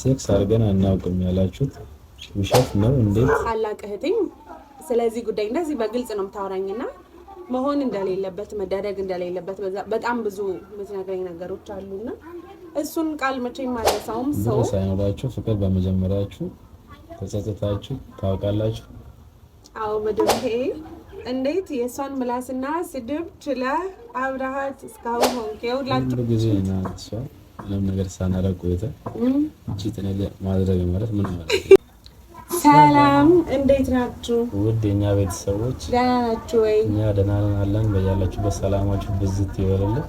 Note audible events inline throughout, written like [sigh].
ሴክስ አድርገን አናውቅም ያላችሁት ውሸት ነው እንዴት? ታላቅ እህቴም ስለዚህ ጉዳይ እንደዚህ በግልጽ ነው የምታወራኝና መሆን እንደሌለበት መደረግ እንደሌለበት በጣም ብዙ ምትነግረኝ ነገሮች አሉና እሱን ቃል መቼ ማለሳውም ሰው ሳይኖራችሁ ፍቅር በመጀመሪያችሁ ተጸጽታችሁ ታውቃላችሁ? አዎ መድምሄ እንዴት የእሷን ምላስና ስድብ ችለህ አብረሃት እስካሁን ሆንክ? የሁላችሁ ጊዜ ና ምንም ነገር ሳናደርግ ቆይተን ማድረግ ማለት ምን ማለት ነው? ሰላም እንዴት ናችሁ? ውድ የኛ ቤተሰቦች ደህና ናችሁ ወይ? እኛ ደህና ነን አለን። በያላችሁበት ሰላማችሁ ብዝት ይበልልን።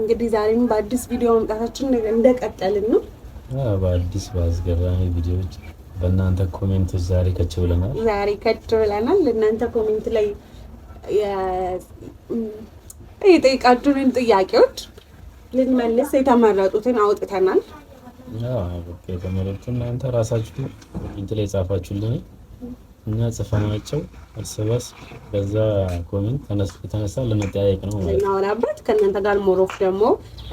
እንግዲህ ዛሬም በአዲስ ቪዲዮ መምጣታችን እንደቀጠልን ነው። በአዲስ በአስገራሚ ቪዲዮዎች በእናንተ ኮሜንቶች ዛሬ ከች ብለናል። ዛሬ ከች ብለናል። እናንተ ኮሜንት ላይ የጠየቃችሁንን ጥያቄዎች ልንመልስ የተመረጡትን አውጥተናል። የተመረጡትን እናንተ ራሳችሁ ኢንት ላይ ጻፋችሁልን እና ጽፈናቸው እርስ በርስ በዛ ኮሜንት የተነሳ ለመጠያየቅ ነው ልናወራበት፣ ከእናንተ ጋር ሞሮፍ ደግሞ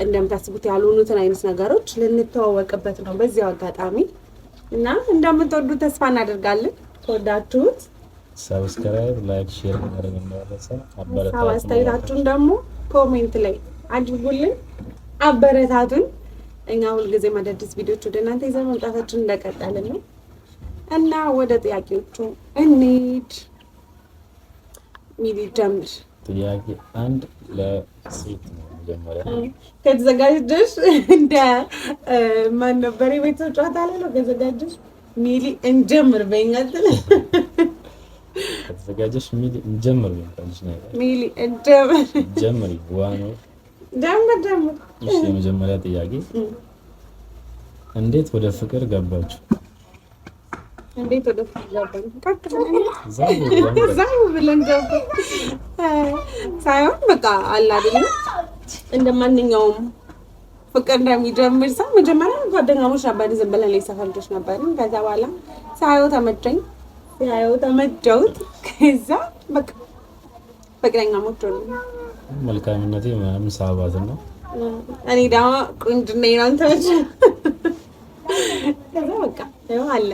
እንደምታስቡት ያልሆኑትን አይነት ነገሮች ልንተዋወቅበት ነው በዚያው አጋጣሚ እና እንደምትወዱ ተስፋ እናደርጋለን። ከወዳችሁት ሰብስክራይብ፣ ላይክ፣ ሼር ማድረግ እንዳይረሳ። አስተያየታችሁን ደግሞ ኮሜንት ላይ አድርጉልን፣ አበረታቱን። እኛ ሁልጊዜ አዳዲስ ቪዲዮዎች ወደ እናንተ ይዘን መምጣታችን እንደቀጠልን ነው እና ወደ ጥያቄዎቹ እንሂድ። ሚሊ ጀምር። ጥያቄ አንድ ለሴት ነው። መጀመሪያ ከተዘጋጀሽ እንደ ማን ነበር የቤተሰብ ጨዋታ ላይ ነው። ከተዘጋጀሽ ሚሊ እንጀምር በይኛት። ከተዘጋጀሽ ሚሊ እንጀምር። ሚሊ እንጀምር። እሺ የመጀመሪያ ጥያቄ እንዴት ወደ ፍቅር ገባችሁ? እንዴት ወደ ፍቅር ገባችሁ? ዛው ብለን ሳይሆን በቃ አለ እንደ ማንኛውም ፍቅር እንደሚጀምር ሰው መጀመሪያ ጓደኛሞች ነበር። ዝም ብለን ላይ ከዛ በኋላ ሳየው ተመቸኝ፣ ሳየው ተመቸውት። ከዛ በቃ ሞቶ ነው መልካምነቴ ምናምን ሳባት ነው። እኔ ደግሞ ቁንጅና ናንተ ብቻ አለ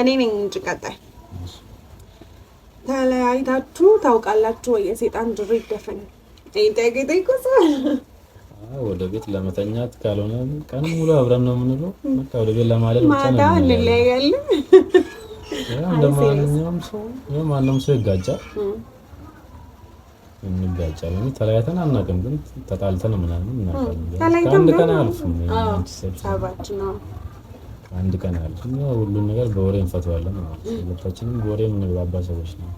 እኔ ነኝ እንጂ ቀጣይ ተለያይታችሁ ታውቃላችሁ ወይ? የሴጣን ድር ይደፈን ወደ ቤት ለመተኛት ካልሆነ ቀን ሙሉ አብረን ነው የምንለው። ወደ ቤት ለማለት ብቻ ነው እንለያያለን። እንደማንኛውም ሰው ማንም ሰው ይጋጫል። እንጋጫለን። ተለያይተን አናውቅም፣ ግን ተጣልተን ምናምን እናውቃለን። ከአንድ ቀን አያልፍም፣ አንድ ቀን አያልፍም። ሁሉን ነገር በወሬ እንፈተዋለን። ሁለታችንም በወሬ የምንግባባ ሰዎች ነው።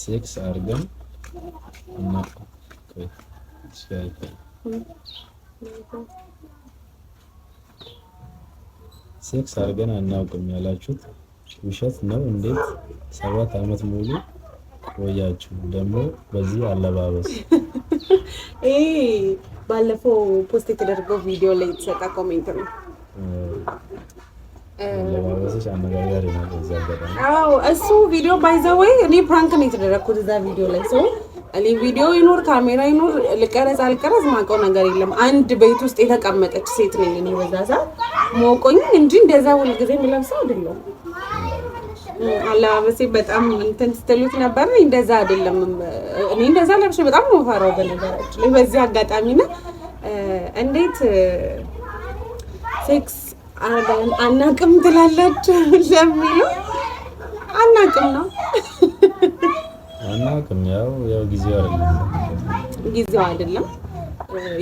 ሴክስ አድርገን እና ሴክስ አድርገን አናውቅም ያላችሁት ውሸት ነው። እንዴት ሰባት አመት ሙሉ ቆያችሁ? ደግሞ በዚህ አለባበስ። [laughs] ባለፈው ፖስት የተደረገው ቪዲዮ ላይ የተሰጠ ኮሜንት ነው። እሱ ቪዲዮ ባይዘወይ እኔ ፕራንክ ነው የተደረግኩት እዛ ቪዲዮ ላይ ሰው እኔ ቪዲዮ ይኖር ካሜራ ይኖር ልቀረጽ አልቀረጽ ማውቀው ነገር የለም። አንድ ቤት ውስጥ የተቀመጠች ሴት ነኝ እኔ በዛ ሰዓት ሞቆኝ እንጂ እንደዛ ሁልጊዜ የምለብሰው አይደለም። አለባበሴ በጣም እንትን ስትሉት ነበር። እንደዛ አይደለም። እኔ እንደዛ ለብሼ በጣም ነው የምፈራው። በነገራችን ላይ በዚህ አጋጣሚ አጋጣሚና እንዴት ሴክስ አናቅም ትላለች ለሚለው አናቅም ነው አናውቅም። ያው ያው ጊዜው አይደለም ጊዜው አይደለም።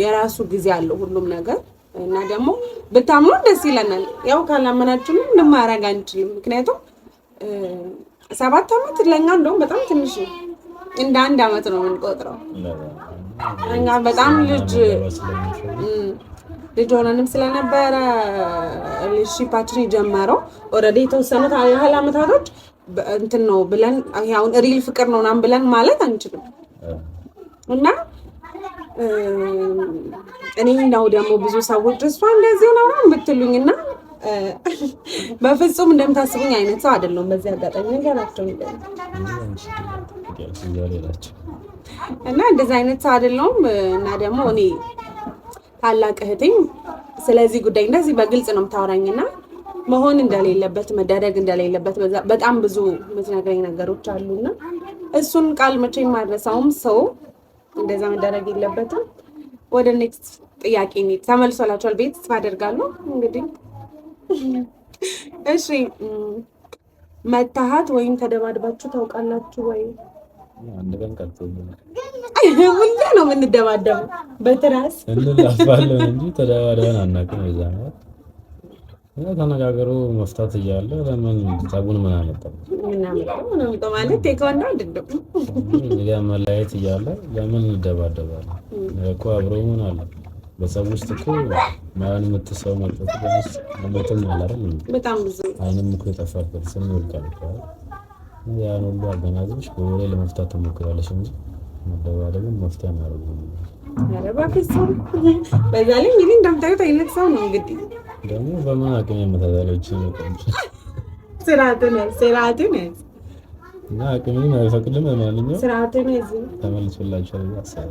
የራሱ ጊዜ አለው ሁሉም ነገር እና ደግሞ ብታምኑ ደስ ይለናል። ያው ካላመናችሁም ምንም ማድረግ አንችልም። ምክንያቱም ሰባት ዓመት ለእኛ እንደውም በጣም ትንሽ ነው፣ እንደ አንድ ዓመት ነው የምንቆጥረው። እኛ በጣም ልጅ ልጅ ሆነንም ስለነበረ ሪሌሽንሺፓችን የጀመረው ኦልሬዲ የተወሰኑት ያህል ዓመታቶች እንትን ነው ብለን አሁን ሪል ፍቅር ነው ናም ብለን ማለት አንችልም። እና እኔ ነው ደግሞ ብዙ ሰዎች እሷ እንደዚህ ነው የምትሉኝ እና በፍጹም እንደምታስቡኝ አይነት ሰው አይደለሁም። በዚህ አጋጣሚ ነገራቸው እና እንደዚህ አይነት ሰው አይደለሁም እና ደግሞ እኔ ታላቅ እህቴም ስለዚህ ጉዳይ እንደዚህ በግልጽ ነው የምታወራኝና መሆን እንደሌለበት መደረግ እንደሌለበት በጣም ብዙ የምትነግረኝ ነገሮች አሉና እሱን ቃል መቼ የማድረሳውም ሰው እንደዛ መደረግ የለበትም። ወደ ኔክስት ጥያቄ ኔት ተመልሶላቸዋል ቤት ተስፋ አደርጋለሁ። እንግዲህ [laughs] እሺ፣ መታሃት ወይም ተደባድባችሁ ታውቃላችሁ ወይ? አንድ ቀን ቀርቶ [laughs] ሁሌ ነው የምንደባደበው። በትራስ እንላፋለን እንጂ ተደባድበን አናውቅም። ተነጋገሩ መፍታት እያለ ለምን ጸቡን ምን አመጣው? መለያየት እያለ ለምን እንደባደባለን እኮ አብሮ ምን አለ በጸቡ ውስጥ እኮ ማን የምትሰው መጥቶም አላረም አይንም እኮ የጠፋበት ስም ይወድቃል። ያን ሁሉ አገናዝብሽ በወሬ ለመፍታት ትሞክራለሽ እንጂ መደባደብን መፍትሄ እናደርጉ። በዛ ላይ እንግዲህ እንደምታዩት አይነት ሰው ነው እንግዲህ ደግሞ በምን አቅም የመታታለች ስርዓትን ስርዓትን እና አቅምን አይፈቅድም። ለማንኛውም ተመልሶላቸው ተመልሶላችኋል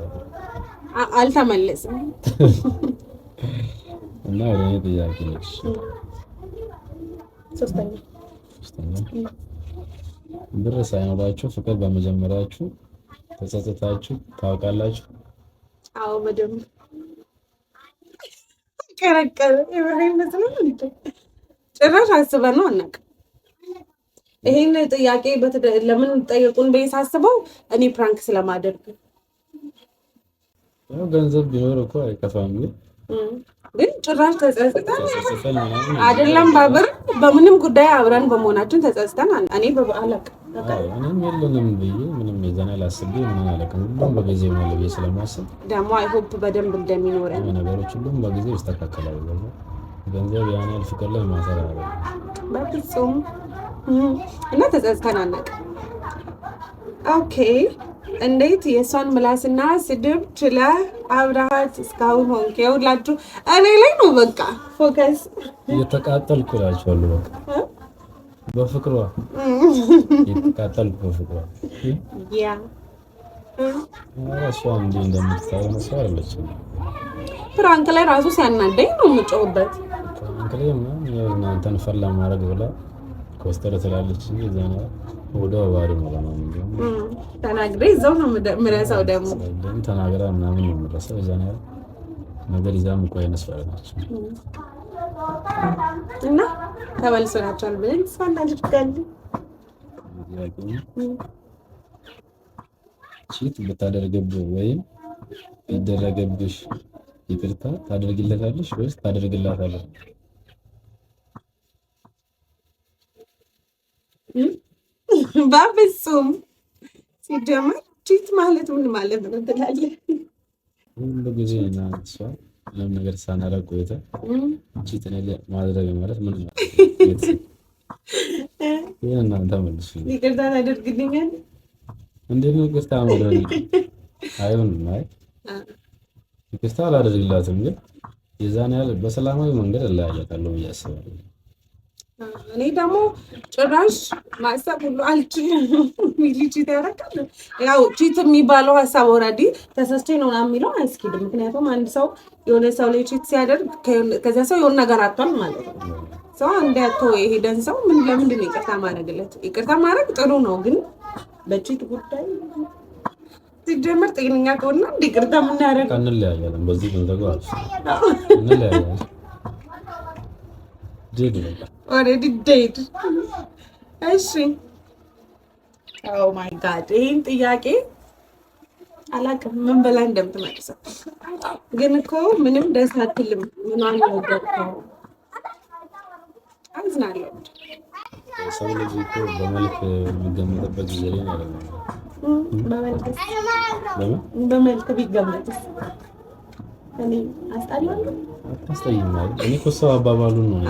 አልተመለስም እና ወደ እኔ ጥያቄ ነች ሶስተኛ ብር ሳይኖራችሁ ፍቅር በመጀመሪያችሁ ተጸጽታችሁ ታውቃላችሁ? አዎ በደምብ ቀረቀረ ጭራሽ አስበን ነው አናውቅም። ይሄን ጥያቄ ለምን ጠየቁን ብዬ ሳስበው እኔ ፕራንክ ስለማደርግ ገንዘብ ቢኖር እኮ አይከፋም። ግን ጭራሽ ተጸጽተን አይደለም ባብር በምንም ጉዳይ አብረን በመሆናችን ተጸጽተን እኔ በበዓል አቅም እኔም የለንም ብዬ ምንም የዛን አላስቤ ምንም አላውቅም። ሁሉም በጊዜ ነው ብዬ ስለማስብ ደግሞ አይሆፕ በደንብ እንደሚኖረን ነገሮች ሁሉም በጊዜ ይስተካከላል። ገንዘብ ያን ያህል ፍቅር ላይ ማሰር አለ በፍጹም እና ተጸጽተን ኦኬ እንዴት የእሷን ምላስና ስድብ ችለህ አብረሃት እስካሁን ሆንክ? የሁላችሁ እኔ ላይ ነው በቃ ፎከስ እየተቃጠልኩ በቃ በፍቅሯ የተቃጠልኩ በፍቅሯ ያ እሷም እንዲህ እንደምትታወነ ሰው አይደለችም። ፍራንክ ላይ ራሱ ሲያናደኝ ነው የምጮህበት። ፍራንክ ላይ እናንተን ፈን ለማድረግ ብላ ኮስተር ትላለች እ ዛና ወደ ባሪ መሆና ተናግሬ እዛው ነው የምረሳው። ደግሞ ተናግራ ምናምን ነው የምረሳው። ዛና ነገር ይዛ ምቆ አይነት ሰው እና ተመልሶ ናቸዋል ብለን ተስፋ እናደርጋለን። ቺት ወይም ይደረገብሽ ይቅርታ ታደርግለታለሽ ወይስ ታደርግላታለሽ? በፍጹም ሲጀመር ቺት ማለት ምን ማለት ነው ትላለህ ሁሉ ጊዜ ና ምንም ነገር ሳናደርግ ቆይተን ቺት ማድረግ ማለት ምን ነው? ይህን እናንተ መልሱ። ይቅርታ ታደርግልኛል። እንዴት ነው ይቅርታ መድረግ አይሆንም። አይ ይቅርታ አላደርግላትም፣ ግን የዛን ያህል በሰላማዊ መንገድ እለያየታለሁ ብዬ አስባለሁ። እኔ ደግሞ ጭራሽ ማሰብ ሁሉ አልችልም። [laughs] ልጅ ያረቃል። ያው ቺት የሚባለው ሀሳብ ኦልሬዲ ተሰስቼ ነው የሚለው አያስኬድም። ምክንያቱም አንድ ሰው የሆነ ሰው ላይ ቺት ሲያደርግ ከዚያ ሰው የሆነ ነገር አቷል ማለት ነው። ሰው እንዲያቶ የሄደን ሰው ምን ለምንድን ነው ይቅርታ ማድረግለት? ይቅርታ ማድረግ ጥሩ ነው፣ ግን በቺት ጉዳይ ሲጀምር ጤነኛ ከሆነ እንደ ይቅርታ የምናደርግ እንለያያለን። በዚህ ገንዘብ [laughs] እንለያያለን ኦልሬዲ ዴድ። እሺ ኦ ማይ ጋድ ይህን ጥያቄ አላውቅም ምን ብላ እንደምትመልሰው ግን እኮ ምንም ደስ አትልም። ምኗን ነገርከው? አዝናለሁ። ሰው ልጅ እኮ በመልክ የሚገመጥበት ጊዜ ላይ ነው። በመልክ ቢገመጥ እኔ አስጠላዋለሁ። አታስጠይም። ነው።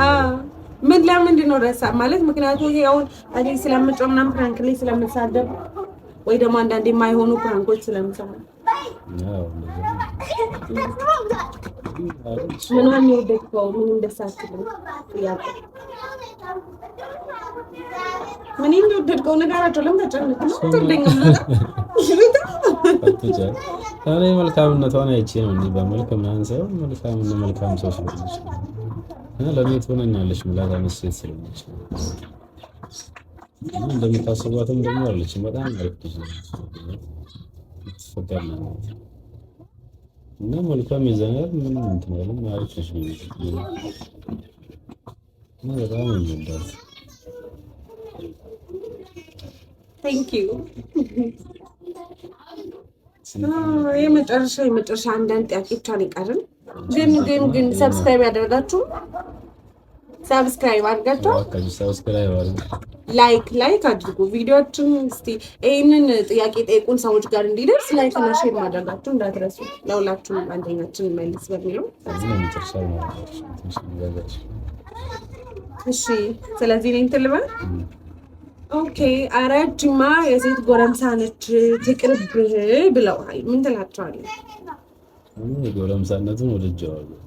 ምን ለምንድን ነው ረሳ ማለት ምክንያቱ ይሄ አሁን እኔ ስለምጮህ ምናምን ፕራንክ ላይ ስለምሳደብ ወይ ደግሞ አንዳንዴ የማይሆኑ ፕራንኮች ምን እንደወደድከው ንገራቸው። ለምን ተጨነቅ ነው ትልኝ እኔ መልካምነቷን አይቼ ነው እንጂ በመልክ ምናምን ሰው መልካም ነው መልካም ሰው ስለሆነች እና ለእኔ ትሆነኛለች ምላት አይነት ስለሆነች እንደምታስቧትም ደግሞ አለች በጣም አሪፍ ትፈቀድ እና መልካም ይዘናል ምንም እንትን አይልም አሪፍ ልጅ እና በጣም የሚወዳት ቴንክ ዩ የመጨረሻ የመጨረሻ አንዳንድ ጥያቄዎች አልቀርም፣ ግን ግን ግን ሰብስክራይብ ያደርጋችሁ ሰብስክራይብ አድርጋችኋል። ላይክ ላይክ አድርጉ። ቪዲዮችን እስቲ ይህንን ጥያቄ ጠይቁን ሰዎች ጋር እንዲደርስ ላይክ እና ሼር ማድረጋችሁ እንዳትረሱ። ለሁላችሁም አንደኛችን መልስ በሚለው እሺ። ስለዚህ እኔ እንትን ልበል ኦኬ አረጅማ የሴት ጎረምሳ ነች ትቅርብህ ብለዋል። ምን ትላቸዋለህ? ጎረምሳነትን ወድጀዋለሁ።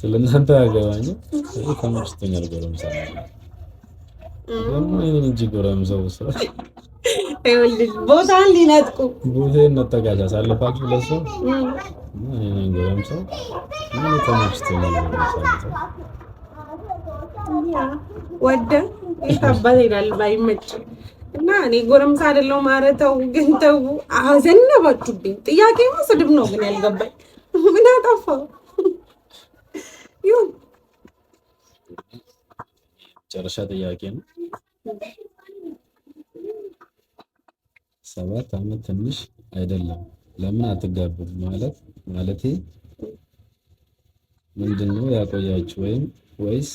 ስለ እናንተ አገባኝ ከመችቶኛል። ጎረምሳ ደግሞ ይህን እንጂ ጎረምሰው ቦታን ሊነጥቁ ቦታ ነጠቃች አሳልፋችሁ ለሰው ጎረምሰው ተመችቶኛል። ጎረምሳ ወደ የት ይላል ባይመጭ እና እኔ ጎረምሳ አይደለሁ ማረተው ግን ተው አዘነበችሁብኝ። ጥያቄ ነው ስድብ ነው ግን ያልገባኝ ምን አጠፋው? ይሁን ጨረሻ ጥያቄ ነው። ሰባት አመት ትንሽ አይደለም። ለምን አትጋብም ማለት ማለቴ ምንድነው ያቆያችሁ ወይም ወይስ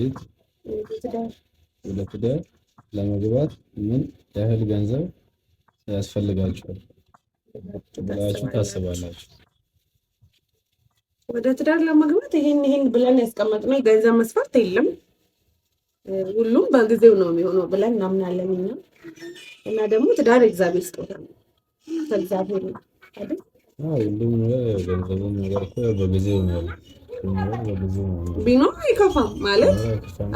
ልጅ ወደ ትዳር ለመግባት ምን ያህል ገንዘብ ያስፈልጋችኋል ብላችሁ ታስባላችሁ? ወደ ትዳር ለመግባት ይሄን ይሄን ብለን ያስቀመጥነው ገንዘብ መስፈርት የለም። ሁሉም በጊዜው ነው የሚሆነው ብለን እናምናለን እኛ እና ደግሞ ትዳር የእግዚአብሔር ስጦታ ነው። ከእግዚአብሔር ነው ሁሉም ነገር። ገንዘቡም ነገር በጊዜው ነው ቢኖር አይከፋም ማለት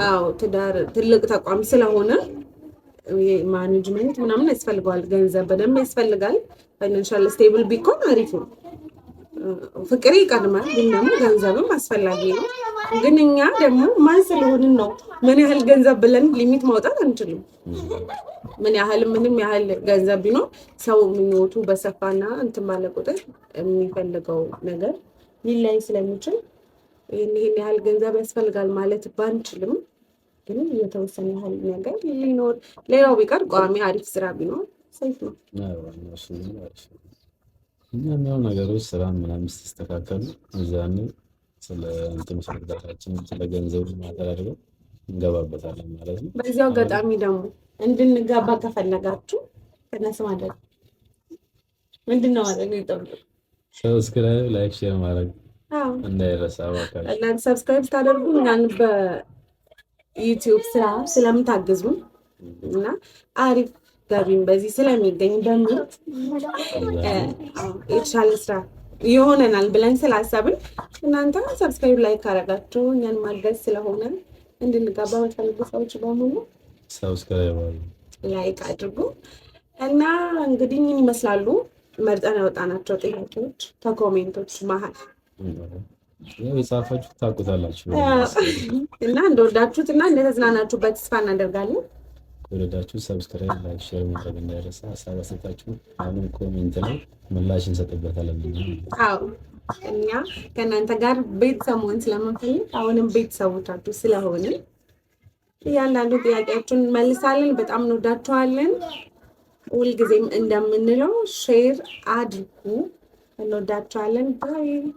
አዎ፣ ትዳር ትልቅ ተቋም ስለሆነ ማኔጅመንት ምናምን ያስፈልገዋል፣ ገንዘብ በደንብ ያስፈልጋል። ፋይናንሻል ስቴብል ቢኮን አሪፍ ነው። ፍቅር ይቀድማል፣ ግን ደግሞ ገንዘብም አስፈላጊ ነው። ግን እኛ ደግሞ ማን ስለሆንን ነው ምን ያህል ገንዘብ ብለን ሊሚት ማውጣት አንችልም። ምን ያህል ምንም ያህል ገንዘብ ቢኖር ሰው ምኞቱ በሰፋና እንትን ባለ ቁጥር የሚፈልገው ነገር ሊለይ ስለሚችል ይህን ይህን ያህል ገንዘብ ያስፈልጋል ማለት ባንችልም ግን የተወሰነ ያህል ነገር ሊኖር ሌላው ቢቀር ቋሚ አሪፍ ስራ ቢኖር ሰይፍ ነው። እኛም ነገሮች ስራ ምናምን ስተስተካከሉ እዛኔ ስለ እንትን ስለ ስለ ገንዘብ ማተዳደርገው እንገባበታለን ማለት ነው። በዚያው አጋጣሚ ደግሞ እንድንጋባ ከፈለጋችሁ ከነሱ ማድረግ ምንድን ነው ማድረግ ይጠብቁ ሰብስክራይብ፣ ላይክ፣ ሼር ማድረግ እናንተ ሰብስክራይብ ስታደርጉ እኛን በዩቲዩብ ስራ ስለምታግዙን እና አሪፍ ገቢም በዚህ ስለሚገኝ በምርት የተሻለ ስራ ይሆነናል ብለን ስላሰብን እናንተ ሰብስክራይብ ላይ ካረጋችሁ እኛን ማገዝ ስለሆነ እንድንጋባ በፈልጉ ሰዎች በሙሉ ሰብስክራይብ ላይክ አድርጉ እና እንግዲህ ምን ይመስላሉ መርጠን ያወጣናቸው ጥያቄዎች ከኮሜንቶች መሀል የጻፋችሁ ታውቁታላችሁ እና እንደወዳችሁት እና እንደተዝናናችሁበት ተስፋ እናደርጋለን። ከወደዳችሁ ሰብስክራይብ፣ ላይክ፣ ሼር ማድረግ እንዳይረሳ። ሀሳብ አስተያየታችሁ አሁንም ኮሜንት ላይ ምላሽ እንሰጥበታለን። አዎ እኛ ከእናንተ ጋር ቤተሰብ መሆን ስለምንፈልግ አሁንም ቤተሰቦቻችሁ ስለሆነ እያንዳንዱ ጥያቄያችሁን እንመልሳለን። በጣም እንወዳችኋለን። ሁልጊዜም እንደምንለው ሼር አድርጉ። I know that talent. Bye.